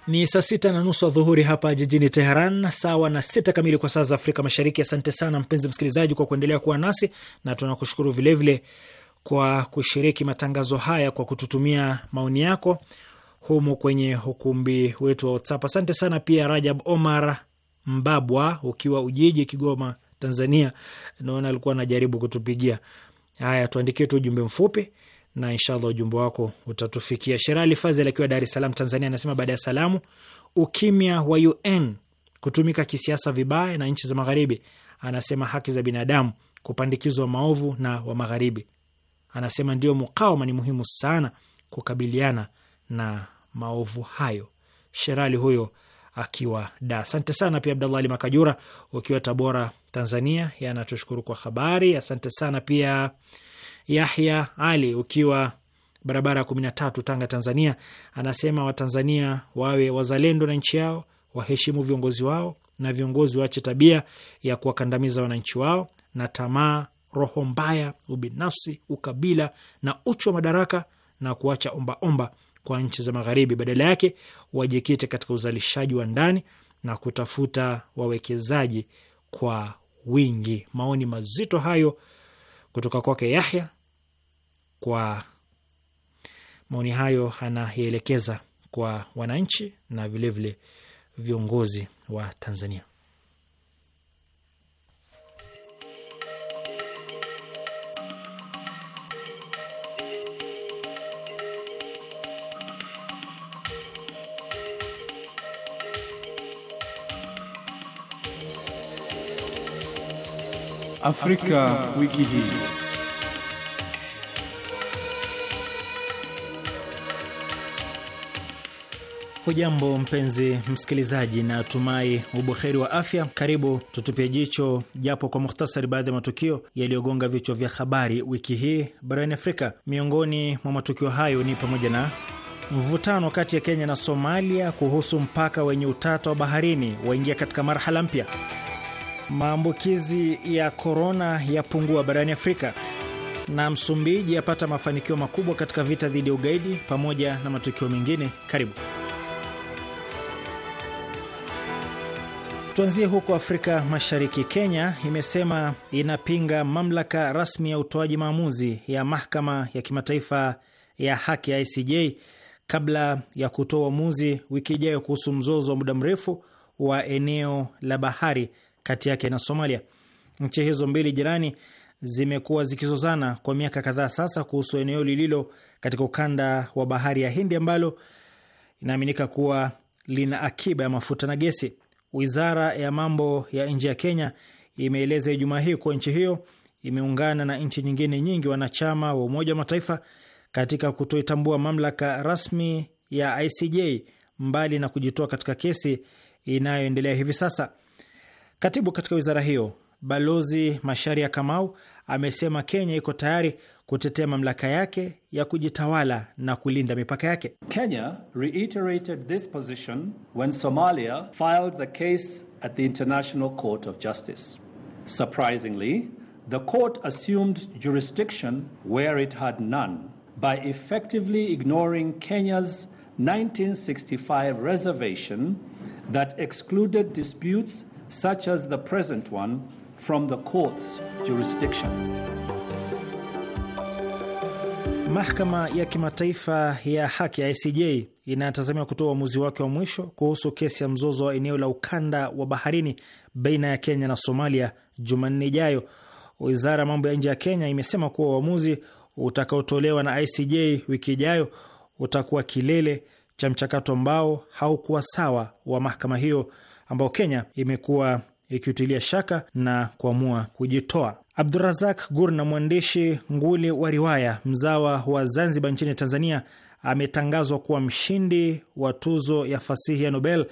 Ni saa sita na nusu adhuhuri hapa jijini Teheran, sawa na sita kamili kwa saa za Afrika Mashariki. Asante sana mpenzi msikilizaji kwa kuendelea kuwa nasi na tunakushukuru vilevile kwa kushiriki matangazo haya kwa kututumia maoni yako humu kwenye ukumbi wetu wa WhatsApp. Asante sana pia Rajab Omar Mbabwa, ukiwa Ujiji, Kigoma, Tanzania. Naona alikuwa anajaribu kutupigia. Haya, tuandikie tu ujumbe mfupi na inshallah ujumbe wako utatufikia. Sherali Fazel akiwa Dar es Salaam, Tanzania, anasema baada ya salamu, ukimya wa UN kutumika kisiasa vibaya na nchi za Magharibi. Anasema haki za binadamu kupandikizwa maovu na wa Magharibi. Anasema ndio mukawama ni muhimu sana kukabiliana na maovu hayo. Sherali huyo akiwa da. Asante sana pia Abdallah Ali Makajura ukiwa Tabora, Tanzania, yanatushukuru kwa habari. Asante sana pia Yahya Ali ukiwa barabara ya kumi na tatu, Tanga, Tanzania, anasema Watanzania wawe wazalendo na nchi yao, waheshimu viongozi wao na viongozi waache tabia ya kuwakandamiza wananchi wao na tamaa, roho mbaya, ubinafsi, ukabila na uchu wa madaraka na kuacha ombaomba kwa nchi za Magharibi. Badala yake wajikite katika uzalishaji wa ndani na kutafuta wawekezaji kwa wingi. Maoni mazito hayo kutoka kwake Yahya kwa maoni hayo anayaelekeza kwa wananchi na vilevile vile viongozi wa Tanzania. Afrika, Afrika wiki hii. Hujambo mpenzi msikilizaji, na tumai ubuheri wa afya. Karibu tutupie jicho japo kwa muhtasari baadhi ya matukio yaliyogonga vichwa vya habari wiki hii barani Afrika. Miongoni mwa matukio hayo ni pamoja na mvutano kati ya Kenya na Somalia kuhusu mpaka wenye utata wa baharini waingia katika marhala mpya, maambukizi ya korona yapungua barani Afrika, na Msumbiji yapata mafanikio makubwa katika vita dhidi ya ugaidi, pamoja na matukio mengine. Karibu. Tuanzie huko Afrika Mashariki. Kenya imesema inapinga mamlaka rasmi ya utoaji maamuzi ya mahakama ya kimataifa ya haki ya ICJ kabla ya kutoa uamuzi wiki ijayo kuhusu mzozo wa muda mrefu wa eneo la bahari kati yake na Somalia. Nchi hizo mbili jirani zimekuwa zikizozana kwa miaka kadhaa sasa kuhusu eneo lililo katika ukanda wa bahari ya Hindi ambalo inaaminika kuwa lina akiba ya mafuta na gesi. Wizara ya mambo ya nje ya Kenya imeeleza Ijumaa hii kuwa nchi hiyo imeungana na nchi nyingine nyingi wanachama wa Umoja wa Mataifa katika kutoitambua mamlaka rasmi ya ICJ mbali na kujitoa katika kesi inayoendelea hivi sasa. Katibu katika wizara hiyo Balozi Masharia Kamau amesema Kenya iko tayari kutetea mamlaka yake ya kujitawala na kulinda mipaka yake. Kenya reiterated this position when Somalia filed the case at the International Court of Justice. Surprisingly, the court assumed jurisdiction where it had none by effectively ignoring Kenya's 1965 reservation that excluded disputes such as the present one from the court's jurisdiction. Mahakama ya Kimataifa ya Haki ya ICJ inatazamiwa kutoa uamuzi wake wa mwisho kuhusu kesi ya mzozo wa eneo la ukanda wa baharini baina ya Kenya na Somalia Jumanne ijayo. Wizara ya mambo ya nje ya Kenya imesema kuwa uamuzi utakaotolewa na ICJ wiki ijayo utakuwa kilele cha mchakato ambao haukuwa sawa wa mahakama hiyo ambao Kenya imekuwa ikiutilia shaka na kuamua kujitoa. Abdurazak Gurna, mwandishi nguli wa riwaya mzawa wa Zanzibar nchini Tanzania, ametangazwa kuwa mshindi wa tuzo ya fasihi ya Nobel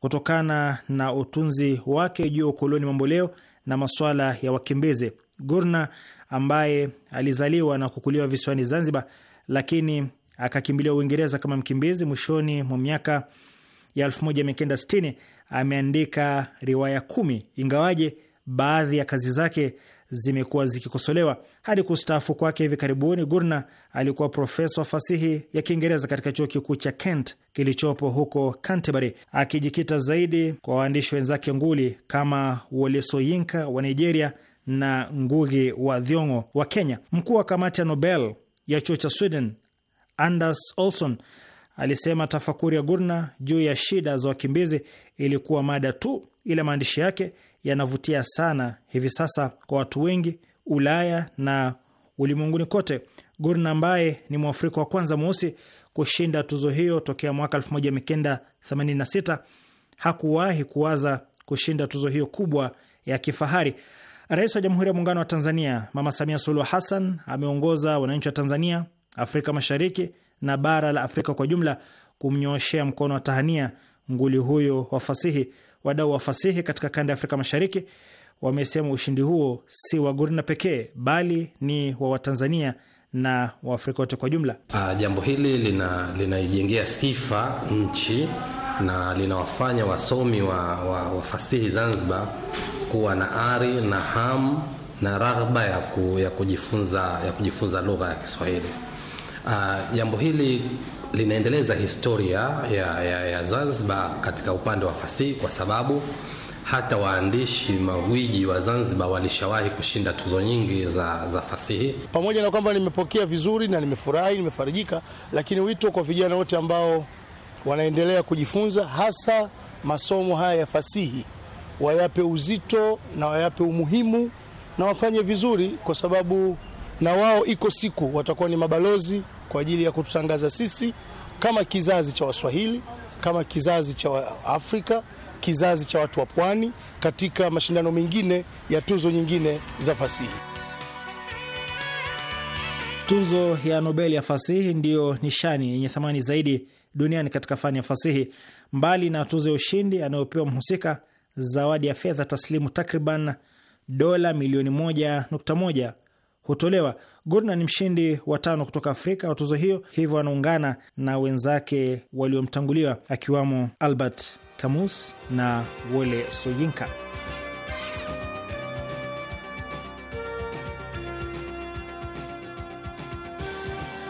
kutokana na utunzi wake juu ya ukoloni mamboleo na masuala ya wakimbizi. Gurna ambaye alizaliwa na kukuliwa visiwani Zanzibar, lakini akakimbilia Uingereza kama mkimbizi mwishoni mwa miaka ya 1960 ameandika riwaya kumi, ingawaje baadhi ya kazi zake zimekuwa zikikosolewa. Hadi kustaafu kwake hivi karibuni, Gurna alikuwa profesa wa fasihi ya Kiingereza katika chuo kikuu cha Kent kilichopo huko Canterbury, akijikita zaidi kwa waandishi wenzake nguli kama Wole Soyinka wa Nigeria na Ngugi wa Thiong'o wa Kenya. Mkuu wa kamati ya Nobel ya chuo cha Sweden Anders Olson alisema tafakuri ya Gurna juu ya shida za wakimbizi ilikuwa mada tu, ila maandishi yake yanavutia sana hivi sasa kwa watu wengi Ulaya na ulimwenguni kote. Gurn ambaye ni Mwafrika wa kwanza mweusi kushinda tuzo hiyo tokea mwaka 1986 hakuwahi kuwaza kushinda tuzo hiyo kubwa ya kifahari. Rais wa Jamhuri ya Muungano wa Tanzania Mama Samia Suluhu Hassan ameongoza wananchi wa Tanzania, Afrika Mashariki na bara la Afrika kwa jumla kumnyooshea mkono wa tahania nguli huyo wa fasihi. Wadau wa fasihi katika kanda ya Afrika Mashariki wamesema ushindi huo si wa Gurna pekee bali ni wa Watanzania na Waafrika wote kwa jumla. Ah, jambo hili linaijengea lina sifa nchi na linawafanya wasomi wa, wa, wa fasihi Zanzibar kuwa na ari na hamu na raghba ya, ku, ya kujifunza, ya kujifunza lugha ya Kiswahili. Ah, jambo hili linaendeleza historia ya, ya, ya Zanzibar katika upande wa fasihi kwa sababu hata waandishi magwiji wa Zanzibar walishawahi kushinda tuzo nyingi za, za fasihi. Pamoja na kwamba nimepokea vizuri na nimefurahi, nimefarijika, lakini wito kwa vijana wote ambao wanaendelea kujifunza hasa masomo haya ya fasihi wayape uzito na wayape umuhimu na wafanye vizuri, kwa sababu na wao iko siku watakuwa ni mabalozi kwa ajili ya kututangaza sisi kama kizazi cha Waswahili, kama kizazi cha Waafrika, kizazi cha watu wa pwani katika mashindano mengine ya tuzo nyingine za fasihi. Tuzo ya Nobel ya fasihi ndiyo nishani yenye thamani zaidi duniani katika fani ya fasihi. Mbali na tuzo ya ushindi anayopewa mhusika, zawadi ya fedha taslimu takriban dola milioni moja nukta moja hutolewa. Gurna ni mshindi wa tano kutoka Afrika wa tuzo hiyo, hivyo anaungana na wenzake waliomtanguliwa akiwamo Albert Camus na Wole Soyinka.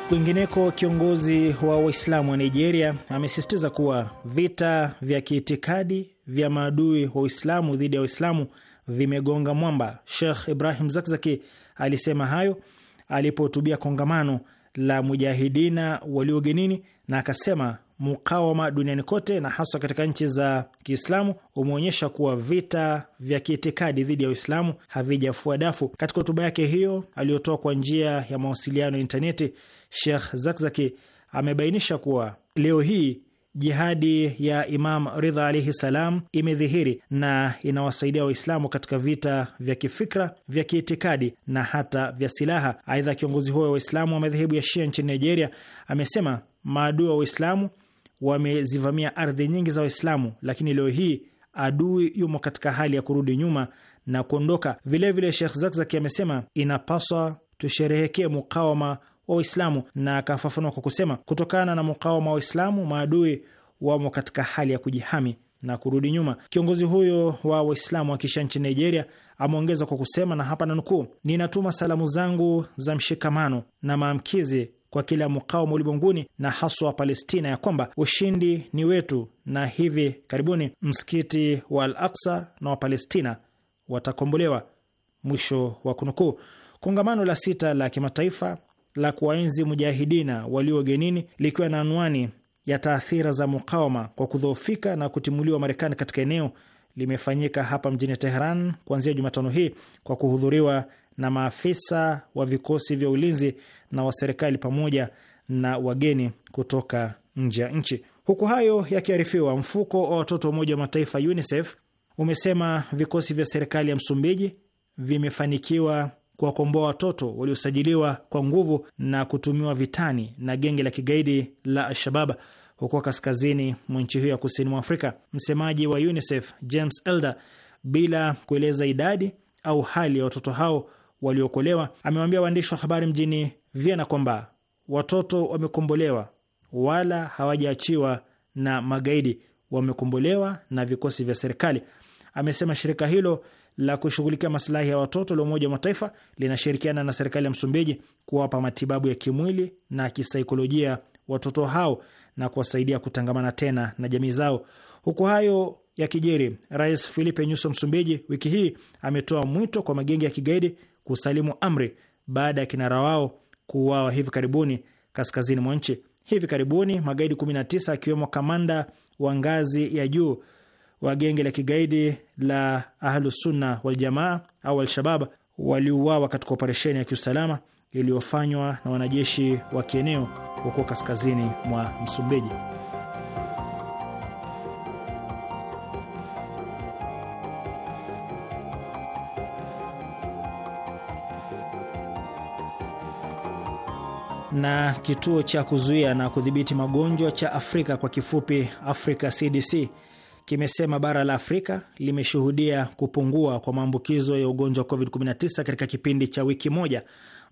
Kwingineko, kiongozi wa Waislamu wa Nigeria amesisitiza kuwa vita vya kiitikadi vya maadui wa Uislamu dhidi ya Waislamu vimegonga mwamba. Sheikh Ibrahim Zakzaki Alisema hayo alipohutubia kongamano la mujahidina walio ugenini, na akasema mukawama duniani kote na haswa katika nchi za Kiislamu umeonyesha kuwa vita vya kiitikadi dhidi ya Uislamu havijafua dafu. Katika hotuba yake hiyo aliyotoa kwa njia ya mawasiliano ya intaneti, Sheikh Zakzaki amebainisha kuwa leo hii jihadi ya Imam Ridha alaihi salam imedhihiri na inawasaidia Waislamu katika vita vya kifikra, vya kiitikadi na hata vya silaha. Aidha, kiongozi huyo wa Waislamu wa madhehebu ya Shia nchini Nigeria amesema maadui wa Waislamu wamezivamia ardhi nyingi za Waislamu, lakini leo hii adui yumo katika hali ya kurudi nyuma na kuondoka. Vilevile, Shekh Zakzaki amesema inapaswa tusherehekee mukawama wa Waislamu, na akafafanua kwa kusema, kutokana na mukawama wa Waislamu maadui wamo katika hali ya kujihami na kurudi nyuma. Kiongozi huyo wa Waislamu akisha nchini Nigeria ameongeza kwa kusema, na hapa nanukuu, ninatuma salamu zangu za mshikamano na maamkizi kwa kila mukawama ulimwenguni na haswa wa Palestina, ya kwamba ushindi ni wetu, na hivi karibuni msikiti wa Al Aksa na Wapalestina watakombolewa. Mwisho wa kunukuu. Kongamano la sita la kimataifa la kuwaenzi mujahidina walio ugenini likiwa na anwani ya taathira za mukawama kwa kudhoofika na kutimuliwa Marekani katika eneo limefanyika hapa mjini Teheran kuanzia Jumatano hii kwa kuhudhuriwa na maafisa wa vikosi vya ulinzi na wa serikali pamoja na wageni kutoka nje ya nchi. Huku hayo yakiarifiwa, mfuko wa watoto wa Umoja wa Mataifa UNICEF umesema vikosi vya serikali ya Msumbiji vimefanikiwa kuwakomboa watoto waliosajiliwa kwa nguvu na kutumiwa vitani na genge la kigaidi la Al-Shabab huko kaskazini mwa nchi hiyo ya kusini mwa Afrika. Msemaji wa UNICEF James Elder, bila kueleza idadi au hali ya watoto hao waliokolewa, amewaambia waandishi wa habari mjini Vienna kwamba watoto wamekombolewa, wala hawajaachiwa na magaidi, wamekombolewa na vikosi vya serikali. Amesema shirika hilo la kushughulikia masilahi ya watoto la Umoja wa Mataifa linashirikiana na serikali ya Msumbiji kuwapa matibabu ya kimwili na kisaikolojia watoto hao na kuwasaidia kutangamana tena na jamii zao. Huku hayo ya kijeri, Rais Filipe Nyuso Msumbiji wiki hii ametoa mwito kwa magenge ya kigaidi kusalimu amri baada ya kinara wao kuuawa hivi karibuni kaskazini mwa nchi. Hivi karibuni magaidi 19 akiwemo kamanda wa ngazi ya juu wa genge la kigaidi la Ahlusunna Waljamaa au al waliuawa katika operesheni ya kiusalama iliyofanywa na wanajeshi wa kieneo huko kaskazini mwa Msumbiji. na kituo cha kuzuia na kudhibiti magonjwa cha Afrika kwa kifupi Africa CDC kimesema bara la Afrika limeshuhudia kupungua kwa maambukizo ya ugonjwa wa COVID-19 katika kipindi cha wiki moja.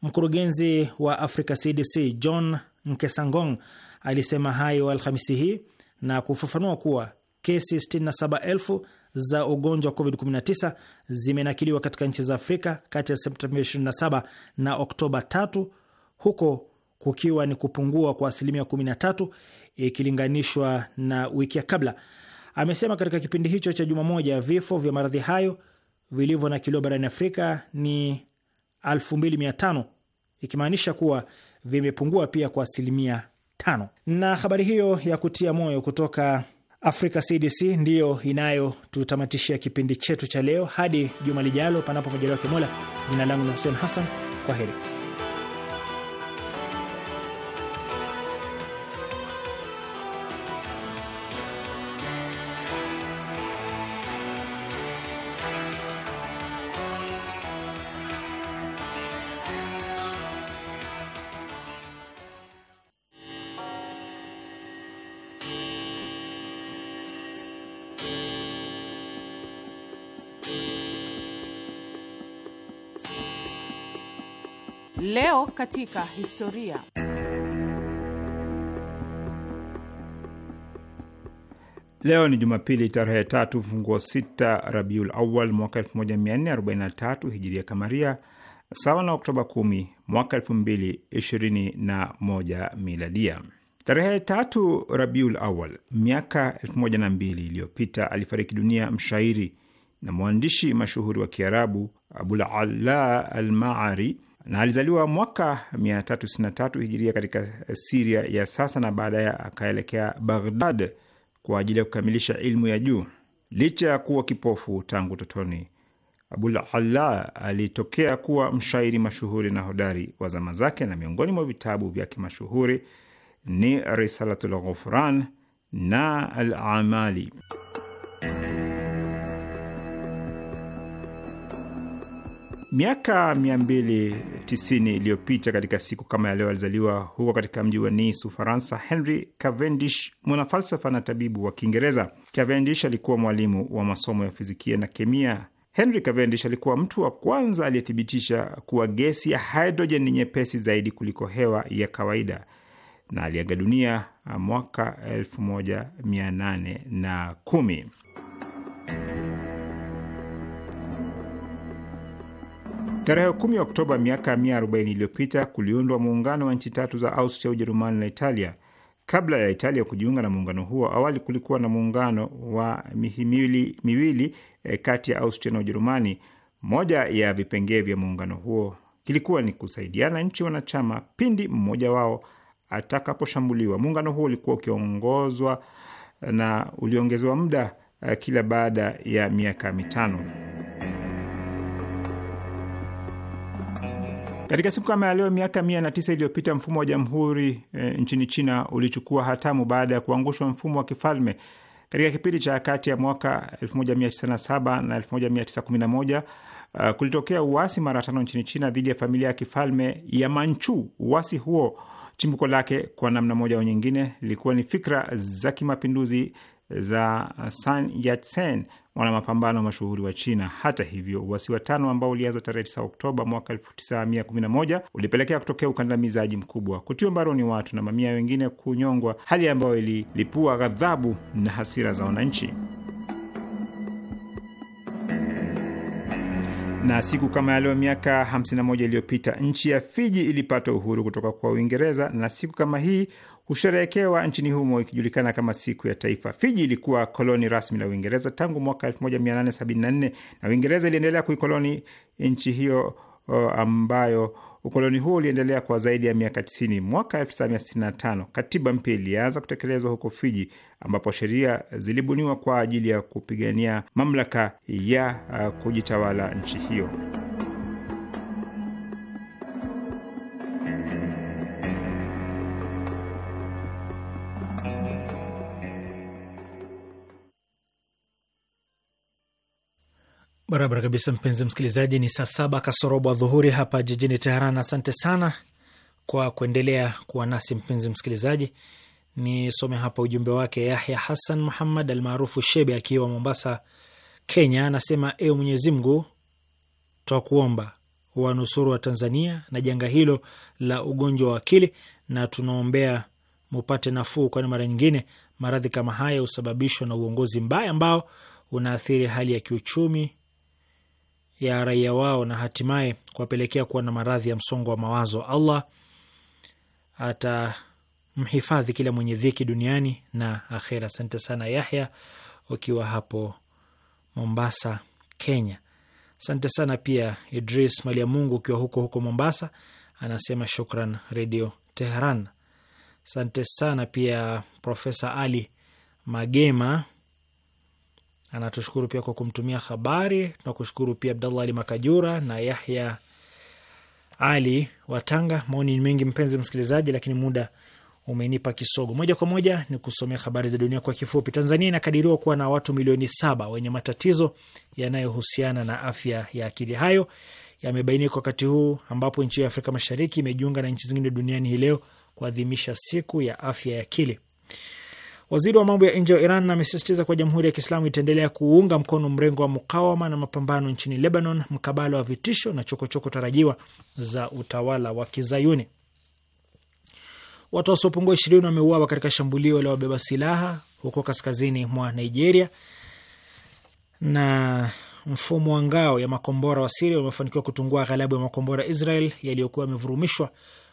Mkurugenzi wa Africa CDC John Nkesangong alisema hayo Alhamisi hii na kufafanua kuwa kesi 67,000 za ugonjwa wa COVID-19 zimenakiliwa katika nchi za Afrika kati ya Septemba 27 na Oktoba 3 huko kukiwa ni kupungua kwa asilimia 13 ikilinganishwa na wiki ya kabla. Amesema katika kipindi hicho cha juma moja vifo vya maradhi hayo vilivyo na kilio barani Afrika ni 2500 ikimaanisha kuwa vimepungua pia kwa asilimia tano. Na habari hiyo ya kutia moyo kutoka Africa CDC ndiyo inayotutamatishia kipindi chetu cha leo. Hadi juma lijalo, panapo majaliwa Kimola. Jina langu ni Hussein Hassan, kwa heri. katika historia. Leo ni Jumapili tarehe tatu mfunguo sita Rabiul Awal mwaka 1443 hijiria kamaria, sawa na Oktoba 10 mwaka 2021 miladia. Tarehe tatu Rabiul Awal miaka 1002 iliyopita alifariki dunia mshairi na mwandishi mashuhuri wa Kiarabu Abul Ala Almaari na alizaliwa mwaka 363 hijiria katika Siria ya sasa, na baadaye akaelekea Baghdad kwa ajili ya kukamilisha ilmu ya juu. Licha ya kuwa kipofu tangu utotoni, Abul Alla alitokea kuwa mshairi mashuhuri na hodari wa zama zake, na miongoni mwa vitabu vyake mashuhuri ni Risalatul Ghufran na Al Amali. Miaka 290 iliyopita katika siku kama ya leo alizaliwa huko katika mji wa Nice, Ufaransa, Henry Cavendish, mwanafalsafa na tabibu wa Kiingereza. Cavendish alikuwa mwalimu wa masomo ya fizikia na kemia. Henry Cavendish alikuwa mtu wa kwanza aliyethibitisha kuwa gesi ya hidrojeni ni nyepesi zaidi kuliko hewa ya kawaida na aliaga dunia mwaka 1810. Tarehe 10 Oktoba miaka 140 iliyopita kuliundwa muungano wa nchi tatu za Austria, Ujerumani na Italia. Kabla ya Italia kujiunga na muungano huo, awali kulikuwa na muungano wa mihimili miwili e, kati ya Austria na Ujerumani. Moja ya vipengee vya muungano huo kilikuwa ni kusaidiana nchi wanachama pindi mmoja wao atakaposhambuliwa. Muungano huo ulikuwa ukiongozwa na uliongezewa muda eh, kila baada ya miaka mitano. Katika siku kama ya leo miaka mia na tisa iliyopita mfumo wa jamhuri e, nchini China ulichukua hatamu baada ya kuangushwa mfumo wa kifalme. Katika kipindi cha kati ya mwaka 1907 na 1911 uh, e, kulitokea uasi mara tano nchini China dhidi ya familia ya kifalme ya Manchu. Uasi huo chimbuko lake kwa namna moja au nyingine lilikuwa ni fikra za kimapinduzi za Sun Yat-sen mwanamapambano mashuhuri wa China. Hata hivyo, uasi wa tano ambao ulianza tarehe 9 Oktoba mwaka 1911 ulipelekea kutokea ukandamizaji mkubwa, kutiwa mbaroni watu na mamia wengine kunyongwa, hali ambayo ililipua ghadhabu na hasira za wananchi. na siku kama yaleo miaka 51 iliyopita nchi ya Fiji ilipata uhuru kutoka kwa Uingereza, na siku kama hii husherehekewa nchini humo ikijulikana kama siku ya taifa. Fiji ilikuwa koloni rasmi la Uingereza tangu mwaka 1874 na Uingereza iliendelea kuikoloni nchi hiyo ambayo ukoloni huo uliendelea kwa zaidi ya miaka 90. Mwaka 1965 katiba mpya ilianza kutekelezwa huko Fiji, ambapo sheria zilibuniwa kwa ajili ya kupigania mamlaka ya uh, kujitawala nchi hiyo. Barabara kabisa, mpenzi msikilizaji, ni saa saba kasorobo dhuhuri hapa jijini Teheran. Asante sana kwa kuendelea kuwa nasi mpenzi msikilizaji. Nisome hapa ujumbe wake Yahya Hassan Muhammad almaarufu Shebe akiwa Mombasa, Kenya, anasema ewe Mwenyezi Mungu, twakuomba wanusuru wa Tanzania na janga hilo la ugonjwa wa akili, na tunaombea mupate nafuu, kwani mara nyingine maradhi kama haya husababishwa na uongozi mbaya ambao unaathiri hali ya kiuchumi ya raia wao na hatimaye kuwapelekea kuwa na maradhi ya msongo wa mawazo. Allah atamhifadhi kila mwenye dhiki duniani na akhera. Asante sana Yahya ukiwa hapo Mombasa, Kenya. Asante sana pia Idris Mali ya Mungu ukiwa huko huko Mombasa, anasema shukran Redio Teheran. Asante sana pia Profesa Ali Magema Anatushukuru pia kwa kumtumia habari. Tunakushukuru pia Abdallah Ali Makajura na Yahya Ali watanga Maoni ni mengi mpenzi msikilizaji, lakini muda umenipa kisogo. Moja kwa moja ni kusomea habari za dunia kwa kifupi. Tanzania inakadiriwa kuwa na watu milioni saba wenye matatizo yanayohusiana na afya ya akili. Hayo yamebainika wakati huu ambapo nchi ya Afrika Mashariki imejiunga na nchi zingine duniani hii leo kuadhimisha siku ya afya ya akili. Waziri wa mambo ya nje wa Iran amesisitiza kuwa Jamhuri ya Kiislamu itaendelea kuunga mkono mrengo wa mukawama na mapambano nchini Lebanon mkabala wa vitisho na chokochoko -choko tarajiwa za utawala wa Kizayuni. Watu wasiopungua ishirini wameuawa katika shambulio la wabeba silaha huko kaskazini mwa Nigeria, na mfumo wa ngao ya makombora wa Siria umefanikiwa kutungua ghalabu ya makombora Israel yaliyokuwa yamevurumishwa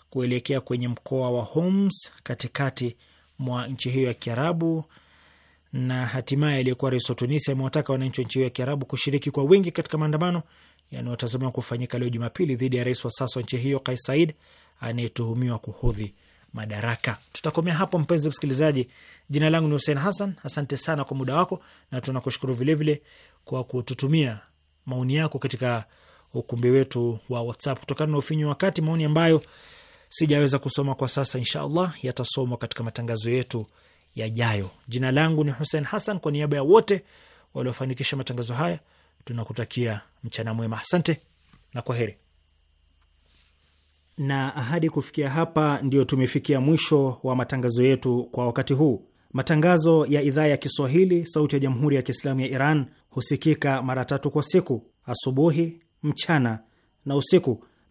kuelekea kwenye mkoa wa Homs katikati mwa nchi hiyo ya Kiarabu na hatimaye aliyekuwa rais wa Tunisia amewataka wananchi wa nchi hiyo ya Kiarabu kushiriki kwa wingi katika maandamano yanayotazamiwa kufanyika leo Jumapili dhidi ya rais wa sasa wa nchi hiyo Kais Said anayetuhumiwa kuhudhi madaraka. Tutakomea hapo mpenzi msikilizaji. Jina langu ni Hussein Hassan, asante sana kwa muda wako na tunakushukuru vilevile kwa kututumia maoni yako katika ukumbi wetu wa WhatsApp. Kutokana na ufinyu wa wakati, maoni ambayo sijaweza kusoma kwa sasa, insha allah yatasomwa katika matangazo yetu yajayo. Jina langu ni Hussein Hassan, kwa niaba ya wote waliofanikisha matangazo haya tunakutakia mchana mwema. Asante na kwa heri. Na ahadi kufikia hapa, ndiyo tumefikia mwisho wa matangazo yetu kwa wakati huu. Matangazo ya idhaa ya Kiswahili sauti ya jamhuri ya Kiislamu ya Iran husikika mara tatu kwa siku: asubuhi, mchana na usiku